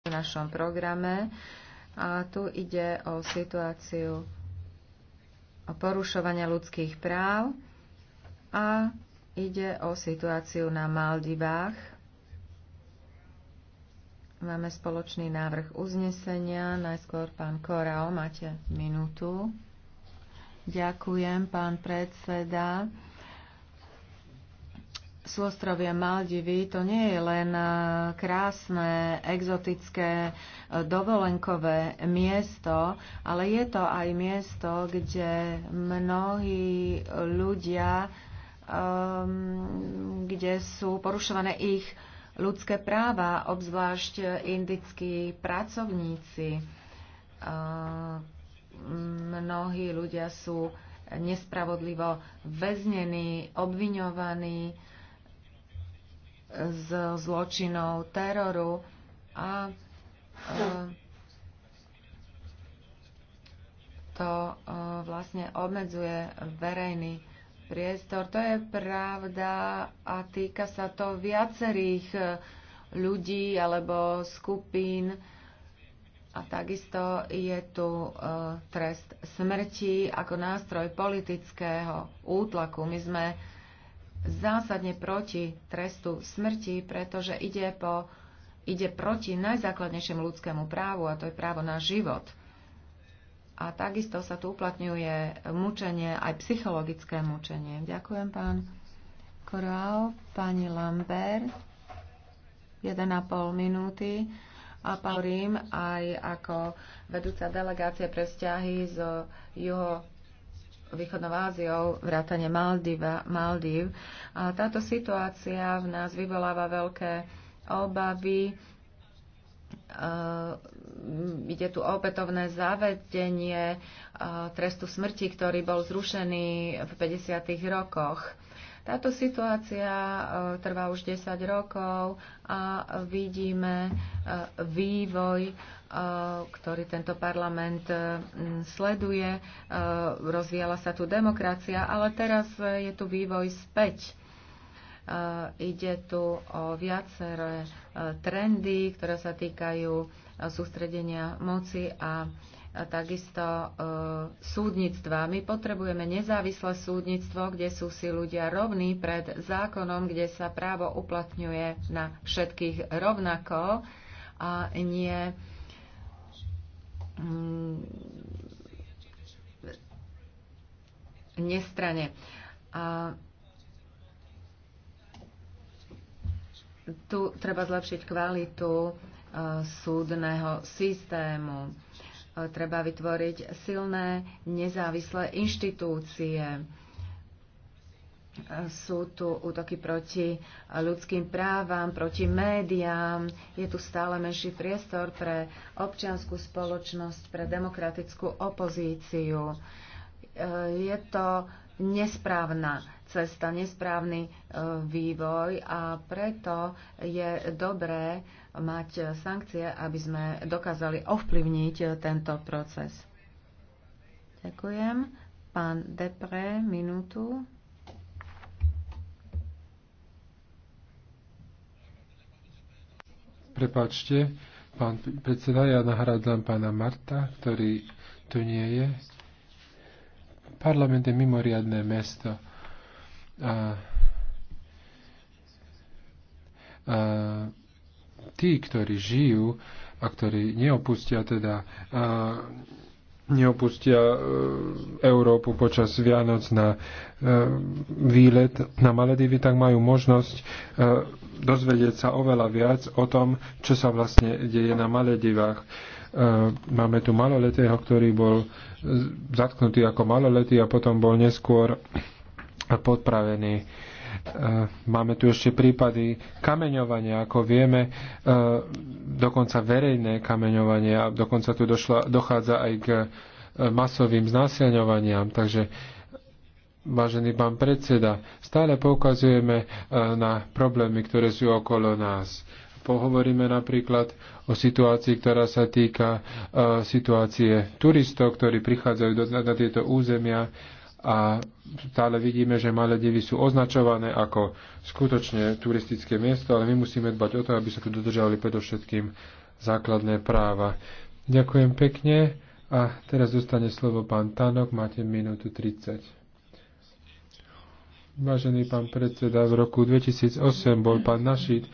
v našom programe. A tu ide o situáciu o porušovania ľudských práv a ide o situáciu na Maldivách. Máme spoločný návrh uznesenia. Najskôr pán Korao, máte minútu. Ďakujem, pán predseda. Súostrovie Maldivy to nie je len e, krásne, exotické, e, dovolenkové miesto, ale je to aj miesto, kde mnohí ľudia, um, kde sú porušované ich ľudské práva, obzvlášť indickí pracovníci. Um, mnohí ľudia sú nespravodlivo väznení, obviňovaní z zločinov teroru a e, to e, vlastne obmedzuje verejný priestor. To je pravda a týka sa to viacerých e, ľudí alebo skupín. A takisto je tu trest smrti ako nástroj politického útlaku. My sme zásadne proti trestu smrti, pretože ide, po, ide proti najzákladnejšiemu ľudskému právu, a to je právo na život. A takisto sa tu uplatňuje mučenie, aj psychologické mučenie. Ďakujem, pán Korál, pani Lambert, 1,5 minúty. A pán aj ako vedúca delegácie pre vzťahy z juho východnou Áziou, vrátane Maldív. A táto situácia v nás vyvoláva veľké obavy. Uh, ide tu o opätovné zavedenie uh, trestu smrti, ktorý bol zrušený v 50. rokoch. Táto situácia e, trvá už 10 rokov a vidíme e, vývoj, e, ktorý tento parlament sleduje. Rozvíjala sa tu demokracia, ale teraz je tu vývoj späť. Ide tu o viaceré trendy, ktoré sa týkajú sústredenia moci a takisto e, súdnictva. My potrebujeme nezávislé súdnictvo, kde sú si ľudia rovní pred zákonom, kde sa právo uplatňuje na všetkých rovnako a nie mm, nestrane. A tu treba zlepšiť kvalitu e, súdneho systému E, treba vytvoriť silné, nezávislé inštitúcie. E, sú tu útoky proti ľudským právam, proti médiám. Je tu stále menší priestor pre občianskú spoločnosť, pre demokratickú opozíciu. E, je to nesprávna cesta, nesprávny e, vývoj a preto je dobré mať sankcie, aby sme dokázali ovplyvniť e, tento proces. Ďakujem. Pán Depre, minútu. Prepačte, pán predseda, ja nahradzam pána Marta, ktorý tu nie je. Parlament je mimoriadné mesto a, a, tí, ktorí žijú a ktorí neopustia teda a, neopustia e, Európu počas Vianoc na e, výlet na Maledivy, tak majú možnosť e, dozvedieť sa oveľa viac o tom, čo sa vlastne deje na Maledivách. Máme tu maloletého, ktorý bol zatknutý ako maloletý a potom bol neskôr podpravení. E, máme tu ešte prípady kameňovania, ako vieme, e, dokonca verejné kameňovanie a dokonca tu došla, dochádza aj k e, masovým znásilňovaniam. Takže Vážený pán predseda, stále poukazujeme na problémy, ktoré sú okolo nás. Pohovoríme napríklad o situácii, ktorá sa týka situácie turistov, ktorí prichádzajú na tieto územia a stále vidíme, že Maledivy sú označované ako skutočne turistické miesto, ale my musíme dbať o to, aby sa tu dodržali predovšetkým základné práva. Ďakujem pekne a teraz dostane slovo pán Tanok, máte minútu 30. Vážený pán predseda, v roku 2008 bol pán Našit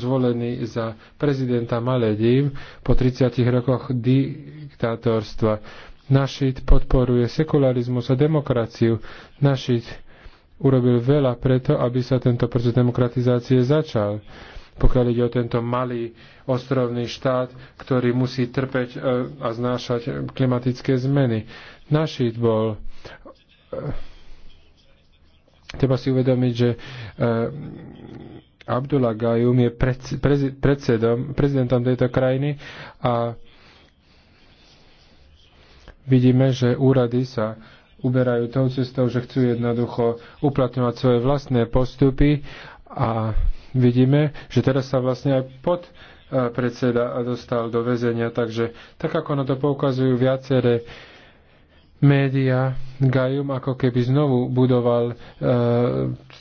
zvolený za prezidenta Maledív po 30 rokoch diktátorstva. Našit podporuje sekularizmus a demokraciu. Našit urobil veľa preto, aby sa tento proces demokratizácie začal. Pokiaľ ide o tento malý ostrovný štát, ktorý musí trpeť e, a znášať klimatické zmeny. Našit bol e, treba si uvedomiť, že e, Abdullah Gajum je predsedom, prezidentom tejto krajiny a vidíme, že úrady sa uberajú tou cestou, že chcú jednoducho uplatňovať svoje vlastné postupy a vidíme, že teraz sa vlastne aj pod e, predseda dostal do väzenia, takže tak ako na to poukazujú viaceré uh, média Gajum ako keby znovu budoval e,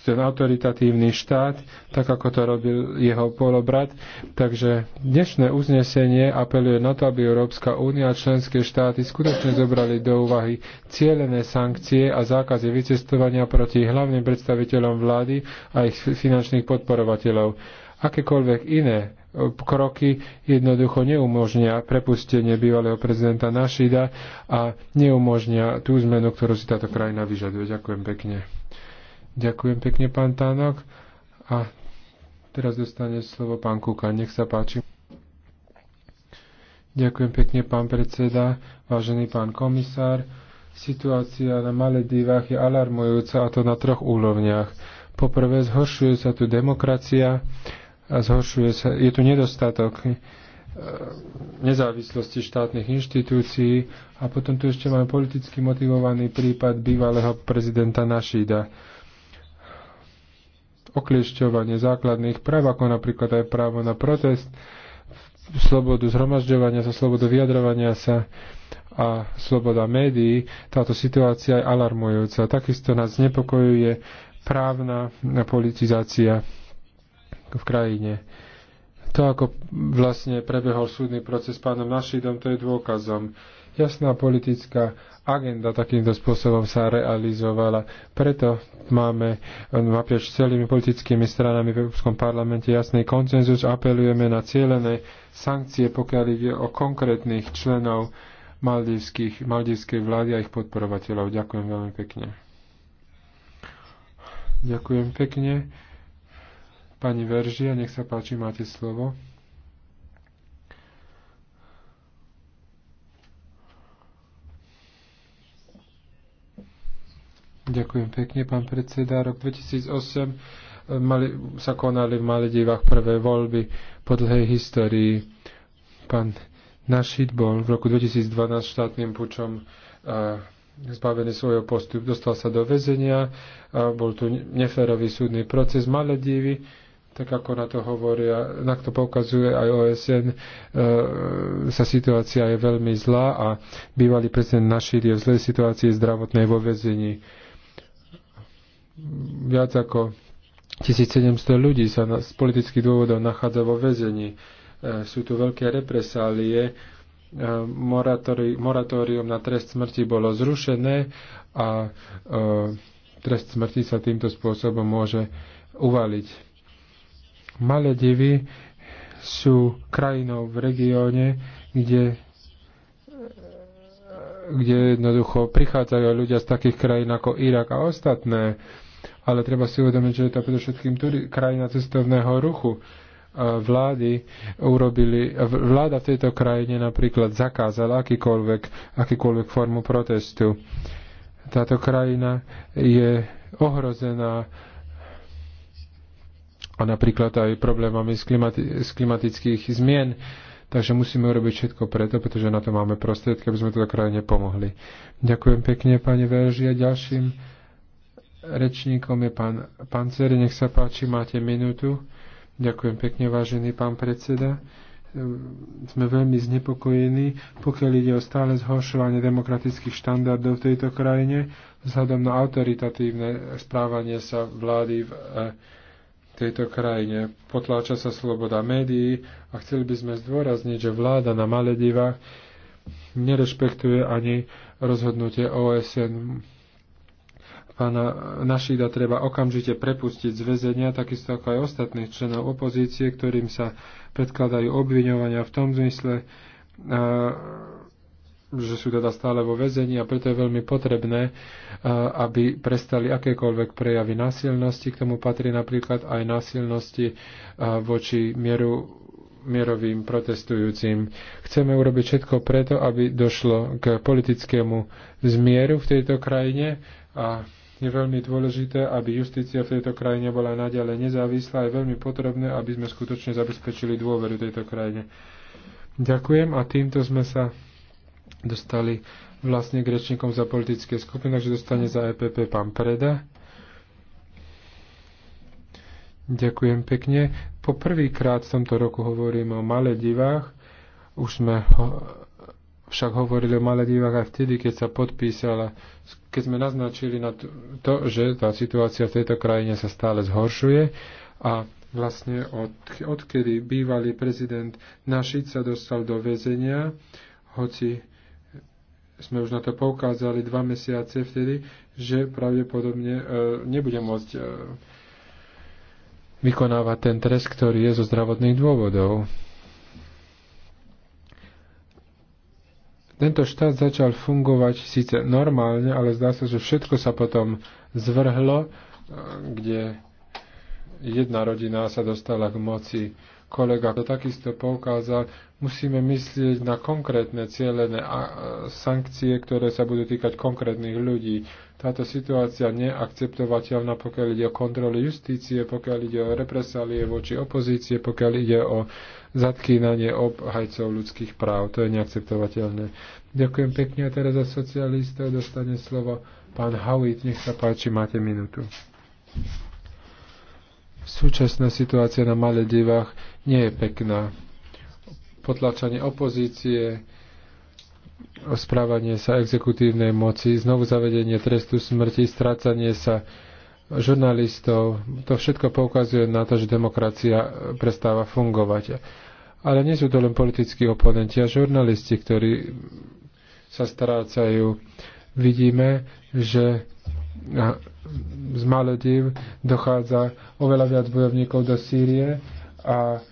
ten autoritatívny štát, tak ako to robil jeho polobrat. Takže dnešné uznesenie apeluje na to, aby Európska únia a členské štáty skutočne zobrali do úvahy cielené sankcie a zákazy vycestovania proti hlavným predstaviteľom vlády a ich finančných podporovateľov akékoľvek iné kroky jednoducho neumožnia prepustenie bývalého prezidenta Našida a neumožnia tú zmenu, ktorú si táto krajina vyžaduje. Ďakujem pekne. Ďakujem pekne, pán Tánok. A teraz dostane slovo pán Kuka. Nech sa páči. Ďakujem pekne, pán predseda, vážený pán komisár. Situácia na Maledivách je alarmujúca, a to na troch úrovniach. Poprvé, zhoršuje sa tu demokracia, zhoršuje sa, je tu nedostatok e, nezávislosti štátnych inštitúcií a potom tu ešte máme politicky motivovaný prípad bývalého prezidenta Našída. Okliešťovanie základných práv, ako napríklad aj právo na protest, slobodu zhromažďovania sa, slobodu vyjadrovania sa a sloboda médií, táto situácia je alarmujúca. Takisto nás znepokojuje právna politizácia v krajine. To, ako vlastne prebehol súdny proces s pánom Našidom, to je dôkazom. Jasná politická agenda takýmto spôsobom sa realizovala. Preto máme eh, naprieč celými politickými stranami v Európskom parlamente jasný koncenzus. Apelujeme na cieľené sankcie, pokiaľ ide o konkrétnych členov maldivskej vlády a ich podporovateľov. Ďakujem veľmi pekne. Ďakujem pekne. Pani Veržia, nech sa páči, máte slovo. Ďakujem pekne, pán predseda. Rok 2008 eh, mali, sa konali v Maledivách prvé voľby po dlhej histórii. Pán Našit bol v roku 2012 štátnym pučom eh, zbavený svojho postup. Dostal sa do väzenia, bol tu neférový súdny proces. Maledivy tak ako na to hovoria, na to poukazuje aj OSN, e, sa situácia je veľmi zlá a bývalý prezident Našir je v zlej situácii zdravotnej vo vezení. Viac ako 1700 ľudí sa na, z politických dôvodov nachádza vo vezení. E, sú tu veľké represálie. E, moratóri, moratórium na trest smrti bolo zrušené a e, trest smrti sa týmto spôsobom môže uvaliť Maledivy sú krajinou v regióne, kde kde jednoducho prichádzajú ľudia z takých krajín ako Irak a ostatné. Ale treba si uvedomiť, že je to predovšetkým krajina cestovného ruchu. Vlády urobili, vláda v tejto krajine napríklad zakázala akýkoľvek, akýkoľvek formu protestu. Táto krajina je ohrozená a napríklad aj problémami z, klimati- z klimatických zmien. Takže musíme urobiť všetko preto, pretože na to máme prostriedky, aby sme to teda krajine pomohli. Ďakujem pekne, pani Verži, a ďalším rečníkom je pán Pancer. Nech sa páči, máte minútu. Ďakujem pekne, vážený pán predseda sme veľmi znepokojení, pokiaľ ide o stále zhoršovanie demokratických štandardov v tejto krajine, vzhľadom na autoritatívne správanie sa vlády v eh, tejto krajine. Potláča sa sloboda médií a chceli by sme zdôrazniť, že vláda na Maledivách nerešpektuje ani rozhodnutie OSN. Pána Našída treba okamžite prepustiť z väzenia, takisto ako aj ostatných členov opozície, ktorým sa predkladajú obviňovania v tom zmysle, že sú teda stále vo väzení a preto je veľmi potrebné, eh, aby prestali akékoľvek prejavy násilnosti. K tomu patrí napríklad aj násilnosti eh, voči mieru mierovým protestujúcim. Chceme urobiť všetko preto, aby došlo k politickému zmieru v tejto krajine a je veľmi dôležité, aby justícia v tejto krajine bola naďalej nezávislá a je veľmi potrebné, aby sme skutočne zabezpečili dôveru tejto krajine. Ďakujem a týmto sme sa dostali vlastne k rečníkom za politické skupiny, takže dostane za EPP pán Preda. Ďakujem pekne. Po prvýkrát v tomto roku hovorím o malé divách, Už sme ho, však hovorili o Maledivách aj vtedy, keď sa podpísala, keď sme naznačili na to, že tá situácia v tejto krajine sa stále zhoršuje a vlastne od, odkedy bývalý prezident Našica dostal do väzenia, hoci sme už na to poukázali dva mesiace vtedy, že pravdepodobne e, nebude môcť e, vykonávať ten trest, ktorý je zo zdravotných dôvodov. Tento štát začal fungovať síce normálne, ale zdá sa, že všetko sa potom zvrhlo, e, kde jedna rodina sa dostala k moci kolega to takisto poukázal, musíme myslieť na konkrétne cieľené sankcie, ktoré sa budú týkať konkrétnych ľudí. Táto situácia neakceptovateľná, pokiaľ ide o kontroly justície, pokiaľ ide o represálie voči opozície, pokiaľ ide o zatkýnanie obhajcov ľudských práv. To je neakceptovateľné. Ďakujem pekne a teraz za socialistov dostane slovo pán Hawit. Nech sa páči, máte minútu. Súčasná situácia na Maledivách nie je pekná. Potlačanie opozície, správanie sa exekutívnej moci, znovu zavedenie trestu smrti, strácanie sa žurnalistov, to všetko poukazuje na to, že demokracia prestáva fungovať. Ale nie sú to len politickí oponenti a žurnalisti, ktorí sa strácajú. Vidíme, že z Malediv dochádza oveľa viac bojovníkov do Sýrie a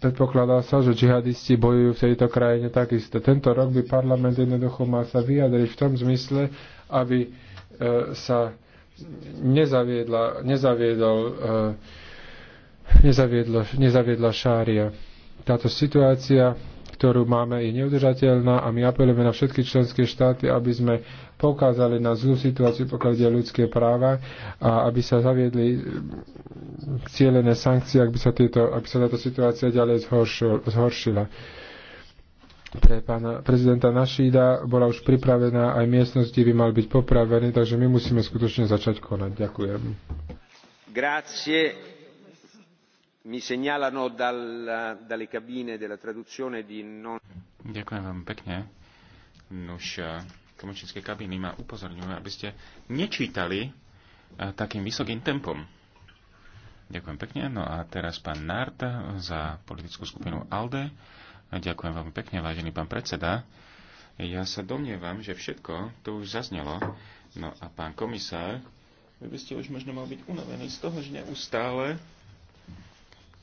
predpokladá sa, že džihadisti bojujú v tejto krajine takisto. Tento rok by parlament jednoducho mal sa vyjadriť v tom zmysle, aby e, sa nezaviedla, nezaviedol, e, nezaviedla šária. Táto situácia ktorú máme, je neudržateľná a my apelujeme na všetky členské štáty, aby sme pokázali na zlú situáciu, pokiaľ ide ľudské práva a aby sa zaviedli eh, cieľené sankcie, aby sa, tieto, aby sa táto situácia ďalej zhoršila. Pre pána prezidenta Našída bola už pripravená, aj miestnosti by mal byť popravený, takže my musíme skutočne začať konať. Ďakujem. Grazie mi segnalano dal, dalle cabine della traduzione di non... Ďakujem vám pekne. Nuž, eh, tlmočnícke kabiny ma upozorňujú, aby ste nečítali eh, takým vysokým tempom. Ďakujem pekne. No a teraz pán Nart za politickú skupinu ALDE. Ďakujem veľmi pekne, vážený pán predseda. Ja sa domnievam, že všetko to už zaznelo. No a pán komisár, vy by ste už možno mal byť unavený z toho, že neustále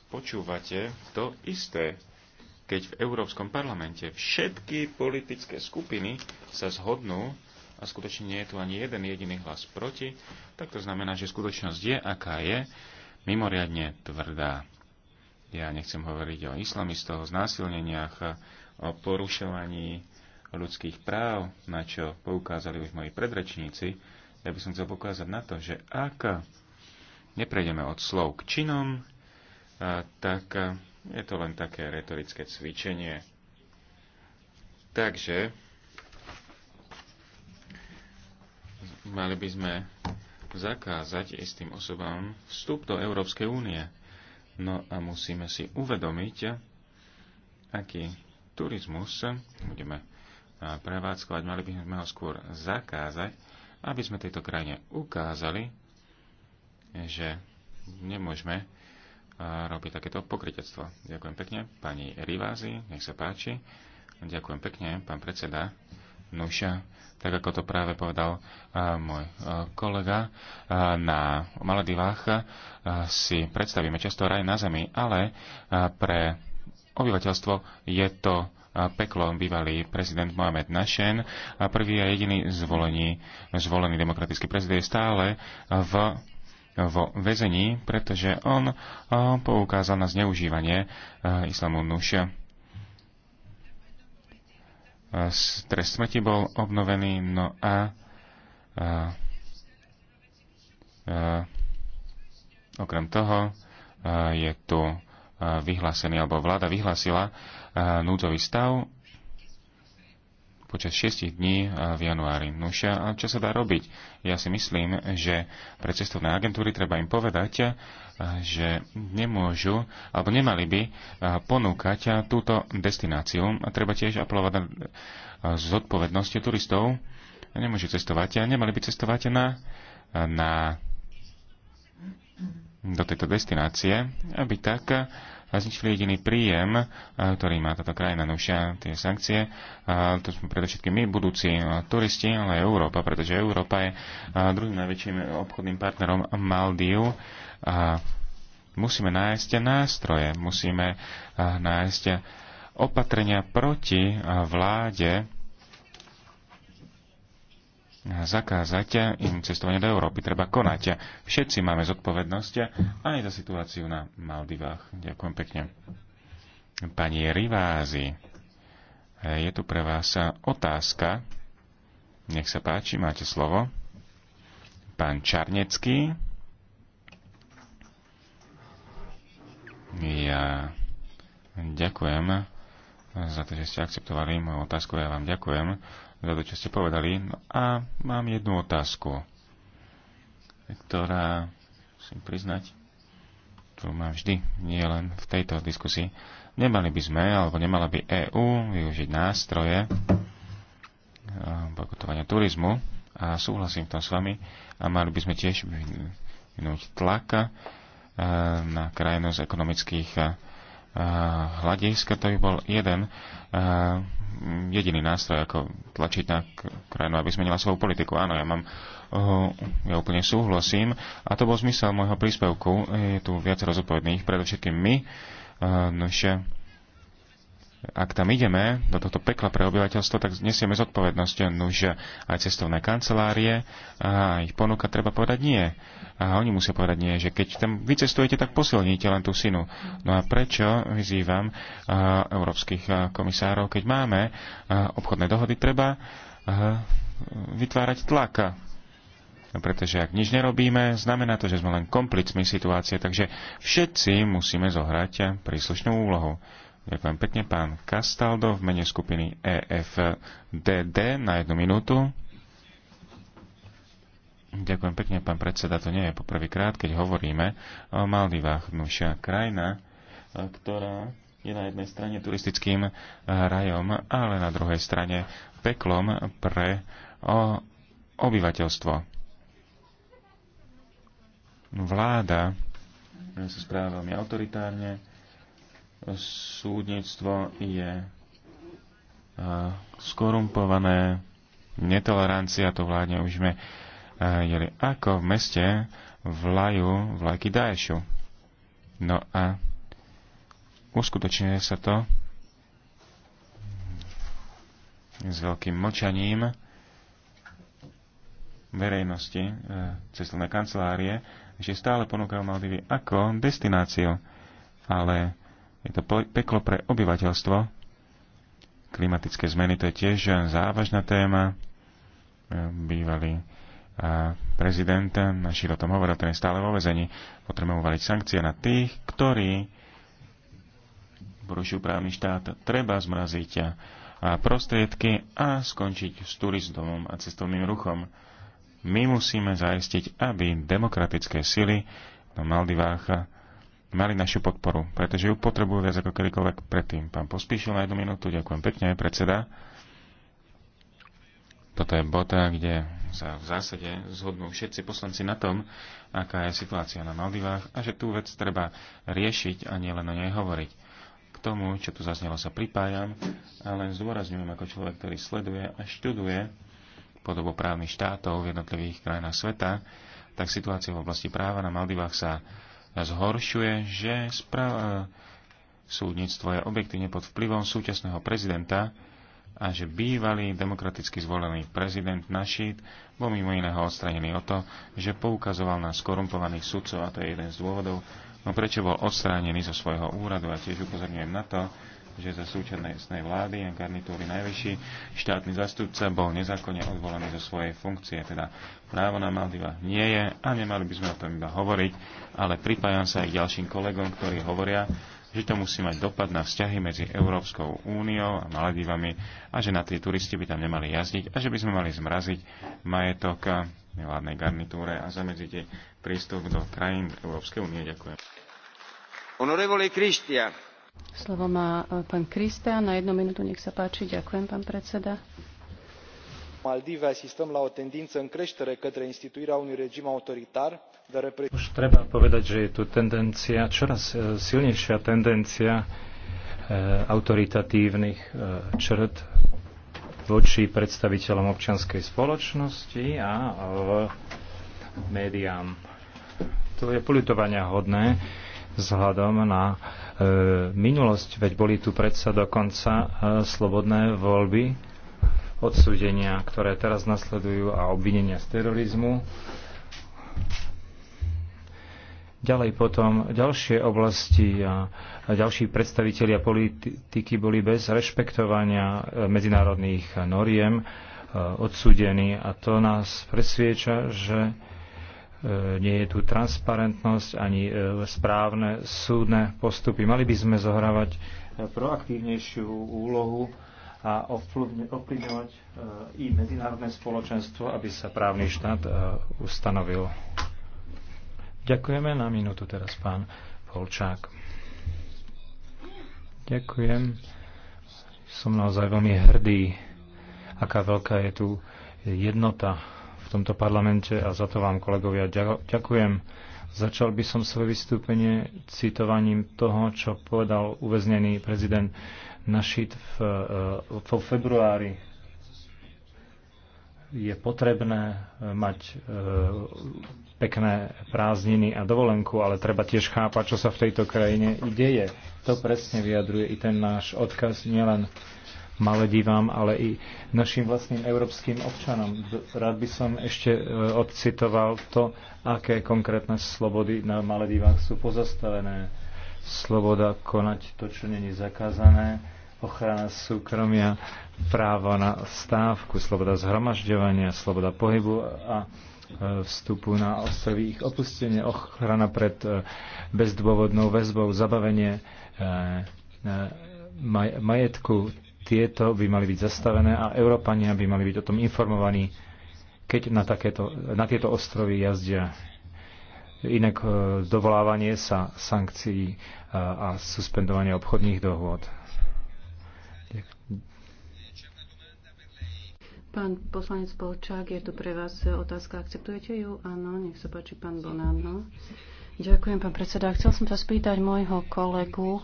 počúvate to isté, keď v Európskom parlamente všetky politické skupiny sa zhodnú a skutočne nie je tu ani jeden jediný hlas proti, tak to znamená, že skutočnosť je, aká je, mimoriadne tvrdá. Ja nechcem hovoriť o islamistoch, o znásilneniach, o porušovaní ľudských práv, na čo poukázali už moji predrečníci. Ja by som chcel poukázať na to, že ak neprejdeme od slov k činom, tak je to len také retorické cvičenie. Takže mali by sme zakázať istým osobám vstup do Európskej únie. No a musíme si uvedomiť, aký turizmus budeme prevádzkovať. Mali by sme ho skôr zakázať, aby sme tejto krajine ukázali, že nemôžeme robí takéto pokrytectvo. Ďakujem pekne. Pani Rivázy, nech sa páči. Ďakujem pekne, pán predseda. Nuša, tak ako to práve povedal môj kolega, na Maledivách si predstavíme často raj na zemi, ale pre obyvateľstvo je to peklo bývalý prezident Mohamed Našen a prvý a jediný zvolený, zvolený demokratický prezident je stále v vo väzení, pretože on eh, poukázal na zneužívanie eh, islamu nuša. Eh, trest smrti bol obnovený, no a, a, a okrem toho je tu vyhlásený, alebo vláda vyhlásila núdzový stav počas 6 dní e, v januári. No a čo sa dá robiť? Ja si myslím, že pre cestovné agentúry treba im povedať, e, že nemôžu, alebo nemali by e, ponúkať túto destináciu. A treba tiež aplovať na zodpovednosť turistov. Nemôžu cestovať, a nemali by cestovať na, na do tejto destinácie, aby tak zničili jediný príjem, e, ktorý má táto krajina. Nušia no tie sankcie, to sme predovšetkým my, budúci e, turisti, ale aj Európa, pretože Európa je e, druhým najväčším obchodným partnerom Maldiu A musíme nájsť nástroje, musíme nájsť opatrenia proti vláde, zakázať im cestovanie do Európy. Treba konať. Všetci máme zodpovednosť aj za situáciu na Maldivách. Ďakujem pekne. Pani Rivázi, je tu pre vás otázka. Nech sa páči, máte slovo. Pán Čarnecký. Ja ďakujem za to, že ste akceptovali moju otázku. Ja vám ďakujem za to, čo ste povedali. No a mám jednu otázku, ktorá, musím priznať, tu mám vždy, nie len v tejto diskusii. Nemali by sme, alebo nemala by EÚ využiť nástroje pokutovania eh, turizmu a súhlasím v tom s vami a mali by sme tiež vynúť tlaka eh, na krajinu z ekonomických eh, hľadiska, to by bol jeden jediný nástroj, ako tlačiť na krajinu, aby zmenila svoju politiku. Áno, ja mám, ja úplne súhlasím. A to bol zmysel môjho príspevku. Je tu viac rozopovedných, predovšetkým my. naše ak tam ideme, do tohto pekla pre obyvateľstvo, tak nesieme zodpovednosť. No, že aj cestovné kancelárie a ich ponuka treba povedať nie. A oni musia povedať nie, že keď tam vycestujete, tak posilníte len tú synu. No a prečo vyzývam európskych komisárov, keď máme obchodné dohody, treba vytvárať tlak no, pretože ak nič nerobíme, znamená to, že sme len komplicmi situácie, takže všetci musíme zohrať príslušnú úlohu. Ďakujem pekne, pán Kastaldo v mene skupiny EFDD na jednu minútu. Ďakujem pekne, pán predseda. To nie je poprvýkrát, keď hovoríme o Maldivách. Nušia krajina, ktorá je na jednej strane turistickým eh, rajom, ale na druhej strane peklom pre obyvateľstvo. Vláda sa správam veľmi autoritárne, súdnictvo je skorumpované, netolerancia, to vládne už sme jeli ako v meste vlajú vlajky Daešu. No a uskutočňuje sa to s veľkým močaním verejnosti e, cestovné kancelárie, že stále ponúkajú Maldivy ako destináciu, ale je to peklo pre obyvateľstvo. Klimatické zmeny to je tiež závažná téma. E, bývalý e, prezident našich o tom hovoril, ten je stále vo vezení. Potrebujeme uvaliť sankcie na tých, ktorí porušujú právny štát. Treba zmraziť a e, prostriedky a skončiť s turizmom a cestovným ruchom. My musíme zaistiť, aby demokratické sily na Maldivách mali našu podporu, pretože ju potrebujú viac ako kedykoľvek predtým. Pán Pospíšil na jednu minútu, ďakujem pekne, aj predseda. Toto je bota, kde sa v zásade zhodnú všetci poslanci na tom, aká je situácia na Maldivách a že tú vec treba riešiť a nielen o nej hovoriť. K tomu, čo tu zaznelo, sa pripájam, ale zdôrazňujem ako človek, ktorý sleduje a študuje podobu právnych štátov v jednotlivých krajinách sveta, tak situácia v oblasti práva na Maldivách sa zhoršuje, že správa súdnictvo je objektívne pod vplyvom súčasného prezidenta a že bývalý demokraticky zvolený prezident Našid bol mimo iného odstranený o to, že poukazoval na skorumpovaných sudcov a to je jeden z dôvodov, no prečo bol odstranený zo svojho úradu a tiež upozorňujem na to, že za súčasnej vlády a garnitúry najvyšší štátny zastupca bol nezákonne odvolený zo svojej funkcie. Teda právo na Maldiva nie je a nemali by sme o tom iba hovoriť, ale pripájam sa aj k ďalším kolegom, ktorí hovoria, že to musí mať dopad na vzťahy medzi Európskou úniou a Maledivami a že na tie turisti by tam nemali jazdiť a že by sme mali zmraziť majetok nevládnej garnitúre a zamedziť prístup do krajín Európskej únie. Ďakujem. Honorevole Kristia, Slovo má e, pán Krista. Na jednu minútu nech sa páči. Ďakujem, pán predseda. Maldive asistăm la o tendință în creștere către instituirea unui regim autoritar, dar represiv... Už treba povedať, že je tu tendencia, čoraz e, silnejšia tendencia e, autoritatívnych črt voči predstaviteľom občianskej spoločnosti a médiám. To je politovania hodné vzhľadom na e, minulosť, veď boli tu predsa dokonca e, slobodné voľby, odsúdenia, ktoré teraz nasledujú a obvinenia z terorizmu. Ďalej potom ďalšie oblasti a, a ďalší predstavitelia politiky boli bez rešpektovania e, medzinárodných noriem e, odsúdení a to nás presvieča, že E, nie je tu transparentnosť ani e, správne súdne postupy. Mali by sme zohrávať e, proaktívnejšiu úlohu a ovplyvňovať i medzinárodné spoločenstvo, aby sa právny štát ustanovil. Ďakujeme na minútu teraz pán Polčák. Ďakujem. Som naozaj veľmi hrdý, aká veľká je tu jednota v tomto parlamente a za to vám, kolegovia, ďakujem. Začal by som svoje vystúpenie citovaním toho, čo povedal uväznený prezident Našit v, e, v februári. Je potrebné e, mať e, pekné prázdniny a dovolenku, ale treba tiež chápať, čo sa v tejto krajine deje. To presne vyjadruje i ten náš odkaz nielen Maledivám, ale i našim vlastným európskym občanom. Rád by som ešte e, odcitoval to, aké konkrétne slobody na Maledivách sú pozastavené. Sloboda konať to, čo není zakázané, ochrana súkromia, právo na stávku, sloboda zhromažďovania, sloboda pohybu a e, vstupu na ostrovy, ich opustenie, ochrana pred e, bezdôvodnou väzbou, zabavenie majetku, tieto by mali byť zastavené a Európania by mali byť o tom informovaní, keď na, takéto, na tieto ostrovy jazdia. Inak e, dovolávanie sa sankcií e, a suspendovanie obchodných dohôd. Pán poslanec Polčák, je tu pre vás otázka. Akceptujete ju? Áno, nech sa páči, pán Bonanno. Ďakujem, pán predseda. Chcel som sa spýtať môjho kolegu,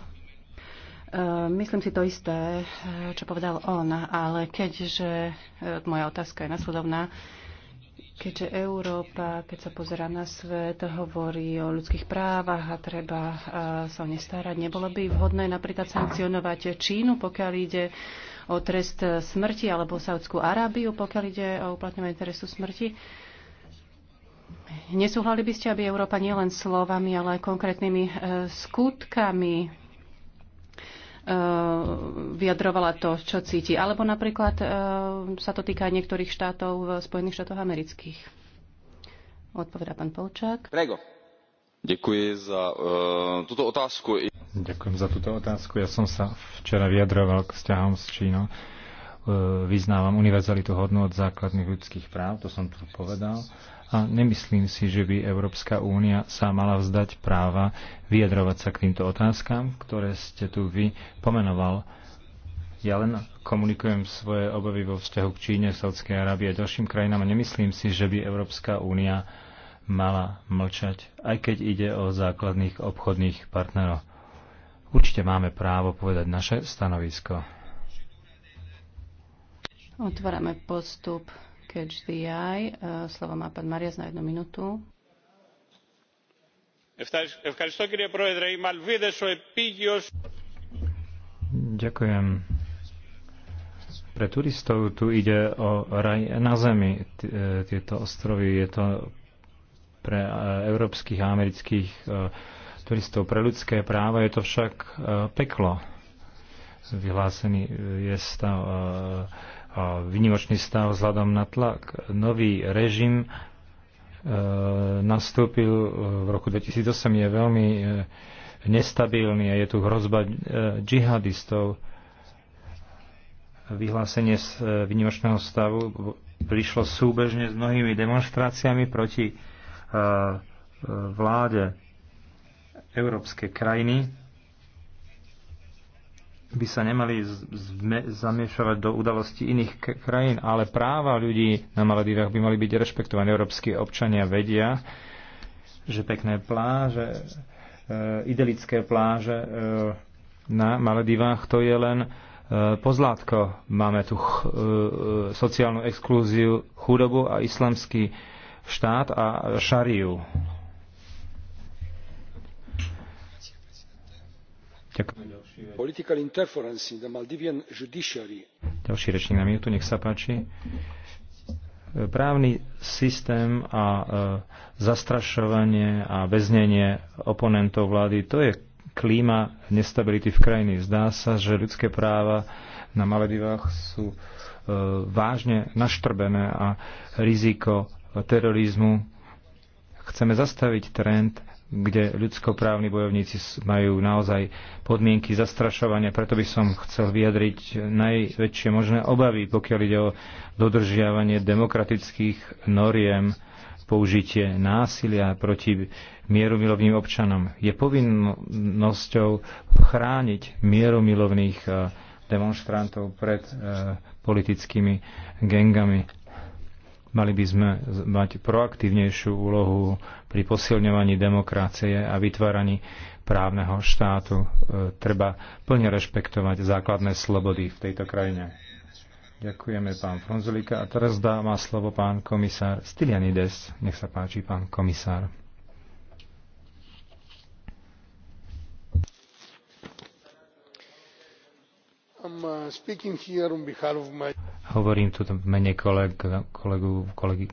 Ehm, myslím si to isté, eh, čo povedal on, ale keďže eh, moja otázka je nasledovná, keďže Európa, keď sa pozerá na svet, hovorí o ľudských právach a treba eh, sa o ne starať, nebolo by vhodné napríklad sankcionovať Čínu, pokiaľ ide o trest smrti, alebo Saudskú Arábiu, pokiaľ ide o uplatňovanie trestu smrti? Nesúhlali by ste, aby Európa nielen slovami, ale aj konkrétnymi skutkami Eh, vyjadrovala to, čo cíti. Alebo napríklad eh, sa to týka niektorých štátov v Spojených štátoch amerických. Odpovedá pán Polčák. Prego. Ďakujem za uh, túto otázku. Ďakujem za túto otázku. Ja som sa včera vyjadroval k vzťahom s Čínou. Uh, vyznávam univerzalitu hodnot základných ľudských práv, to som tu povedal. Uh, a nemyslím si, že by Európska únia sa mala vzdať práva vyjadrovať sa k týmto otázkam, ktoré ste tu vy pomenoval. Ja len komunikujem svoje obavy vo vzťahu k Číne, Saudskej Arábii a ďalším krajinám a nemyslím si, že by Európska únia mala mlčať, aj keď ide o základných obchodných partnerov. Určite máme právo povedať naše stanovisko. Otvárame postup Catch the Eye. E, slovo má pán Marias na jednu minútu. Ďakujem. Pre turistov tu ide o raj na zemi. E, tieto ostrovy je to pre e, európskych a amerických turistov pre ľudské práva je to však peklo. Vyhlásený je stav vynimočný stav vzhľadom na tlak. Nový režim e, nastúpil e, v roku 2008, je veľmi e, nestabilný a je tu hrozba džihadistov. Vyhlásenie z vynimočného stavu prišlo súbežne s mnohými demonstráciami proti vláde európskej krajiny by sa nemali zamiešovať do udalostí iných krajín, ale práva ľudí na Maledivách by mali byť rešpektované. Európsky občania vedia, že pekné pláže, e, idelické pláže e, na Maledivách to je len e, pozlátko. Máme tu ch, e, e, sociálnu exklúziu, chudobu a islamský štát a šariu. Ďakujem. Political interference in the Maldivian judiciary. Ďalší rečník na minútu, nech sa páči. Právny systém a e, zastrašovanie a väznenie oponentov vlády, to je klíma nestability v krajine. Zdá sa, že ľudské práva na Maledivách sú e, vážne naštrbené a riziko terorizmu. Chceme zastaviť trend kde ľudskoprávni bojovníci majú naozaj podmienky zastrašovania. Preto by som chcel vyjadriť najväčšie možné obavy, pokiaľ ide o dodržiavanie demokratických noriem, použitie násilia proti mierumilovným občanom. Je povinnosťou chrániť mierumilovných eh, demonstrantov pred eh, politickými gengami Mali by sme mať proaktívnejšiu úlohu pri posilňovaní demokracie a vytváraní právneho štátu. E, treba plne rešpektovať základné slobody v tejto krajine. Ďakujeme pán Fronzulika a teraz dáva slovo pán komisár Stylianides. Nech sa páči, pán komisár. Uh, Hovorím tu v mene koleg, kolegu, kolegy,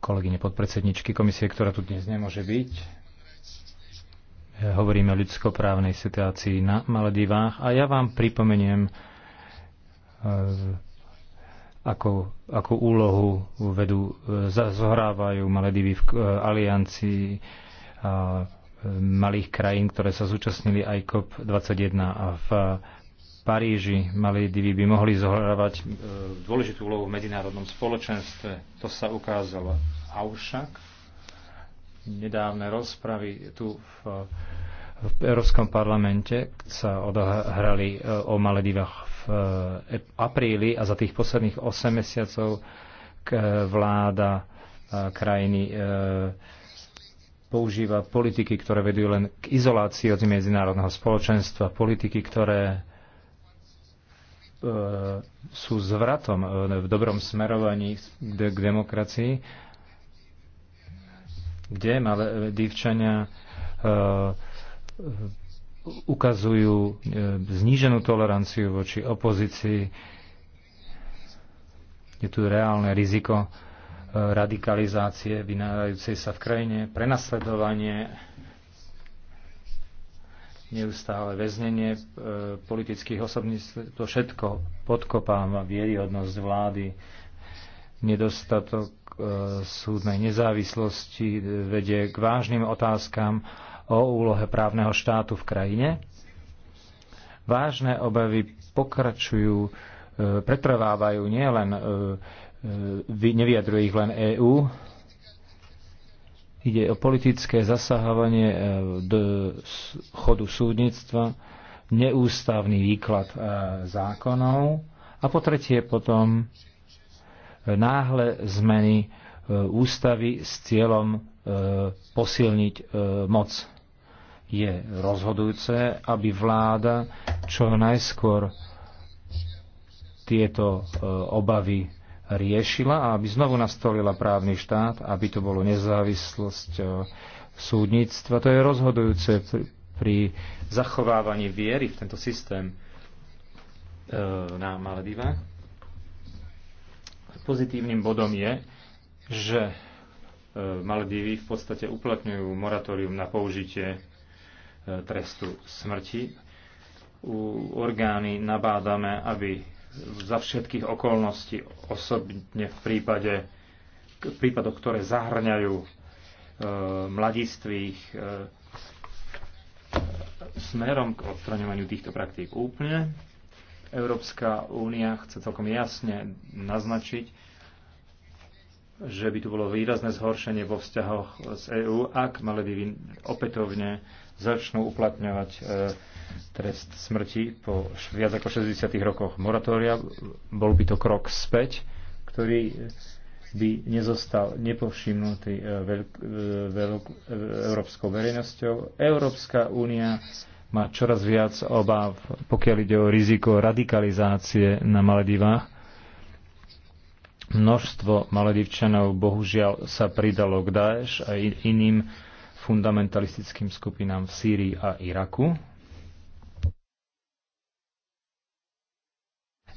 kolegyne podpredsedničky komisie, ktorá tu dnes nemôže byť. Hovoríme o ľudskoprávnej situácii na Maledivách a ja vám pripomeniem, e, ako, ako úlohu vedú, e, zohrávajú Maledivy v e, aliancii malých krajín, ktoré sa zúčastnili aj COP21 a v Paríži. Malé divy by mohli zohrávať e, dôležitú úlohu v medzinárodnom spoločenstve. To sa ukázalo. Avšak nedávne rozpravy tu v, v Európskom parlamente sa odohrali e, o Maledivách v e, apríli a za tých posledných 8 mesiacov vláda krajiny používa politiky, ktoré vedú len k izolácii od medzinárodného spoločenstva, politiky, ktoré e, sú zvratom e, v dobrom smerovaní k demokracii, kde malé e, divčania ukazujú zníženú toleranciu voči opozícii. Je tu reálne riziko, radikalizácie vynárajúcej sa v krajine, prenasledovanie, neustále väznenie e, politických osobníctv, to všetko podkopáva vieryhodnosť vlády, nedostatok e, súdnej nezávislosti e, vedie k vážnym otázkam o úlohe právneho štátu v krajine. Vážne obavy pokračujú, pretrvávajú nielen nevyjadruje ich len EÚ. Ide o politické zasahovanie e, do chodu súdnictva, neústavný výklad e, zákonov a po tretie potom e, náhle zmeny ústavy s cieľom posilniť moc. Je rozhodujúce, aby vláda čo najskôr tieto obavy riešila a aby znovu nastolila právny štát, aby to bolo nezávislosť e, súdnictva. To je rozhodujúce pri, zachovávaní viery v tento systém e, na Maledivách. Pozitívnym bodom je, že e, Maledivy v podstate uplatňujú moratórium na použitie trestu smrti. U orgány nabádame, aby za všetkých okolností, osobne v prípade prípadoch, ktoré zahrňajú e, mladistvých e, smerom k odstraňovaniu týchto praktík úplne. Európska únia chce celkom jasne naznačiť, že by tu bolo výrazné zhoršenie vo vzťahoch s EÚ, ak mali by opätovne začnú uplatňovať e, trest smrti po viac ako 60 rokoch moratória. Bol by to krok späť, ktorý by nezostal nepovšimnutý e, e, európskou verejnosťou. Európska únia má čoraz viac obáv, pokiaľ ide o riziko radikalizácie na Maledivách. Množstvo maledivčanov bohužiaľ sa pridalo k Daesh a iným fundamentalistickým skupinám v Sýrii a Iraku.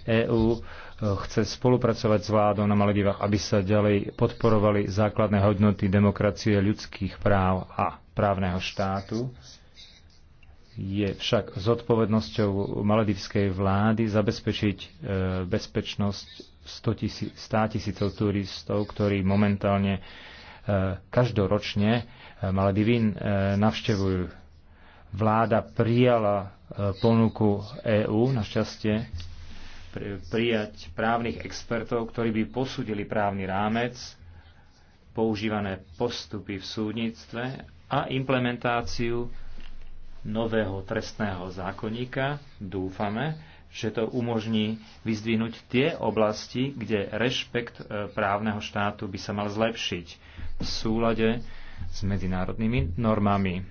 EÚ e, chce spolupracovať s vládou na Maledivách, aby sa ďalej podporovali základné hodnoty demokracie, ľudských práv a právneho štátu. Je však zodpovednosťou maledivskej vlády zabezpečiť e, bezpečnosť 100 tisícov turistov, ktorí momentálne e, každoročne Maledivín navštevujú. Vláda prijala ponuku EÚ, našťastie prijať právnych expertov, ktorí by posúdili právny rámec, používané postupy v súdnictve a implementáciu nového trestného zákonníka. Dúfame, že to umožní vyzdvihnúť tie oblasti, kde rešpekt e, právneho štátu by sa mal zlepšiť v súlade s medzinárodnými normami.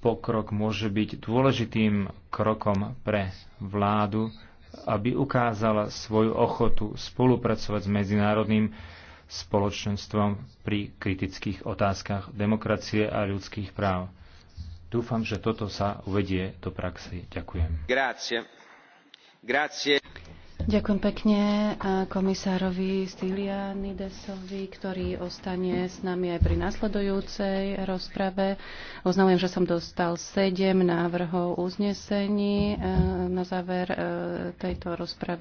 Pokrok môže byť dôležitým krokom pre vládu, aby ukázala svoju ochotu spolupracovať s medzinárodným spoločenstvom pri kritických otázkach demokracie a ľudských práv. Dúfam, že toto sa uvedie do praxe. Ďakujem. Grazie. Grazie. Ďakujem pekne komisárovi Stylianidesovi, ktorý ostane s nami aj pri nasledujúcej rozprave. Oznamujem, že som dostal sedem návrhov uznesení e, na záver e, tejto rozpravy.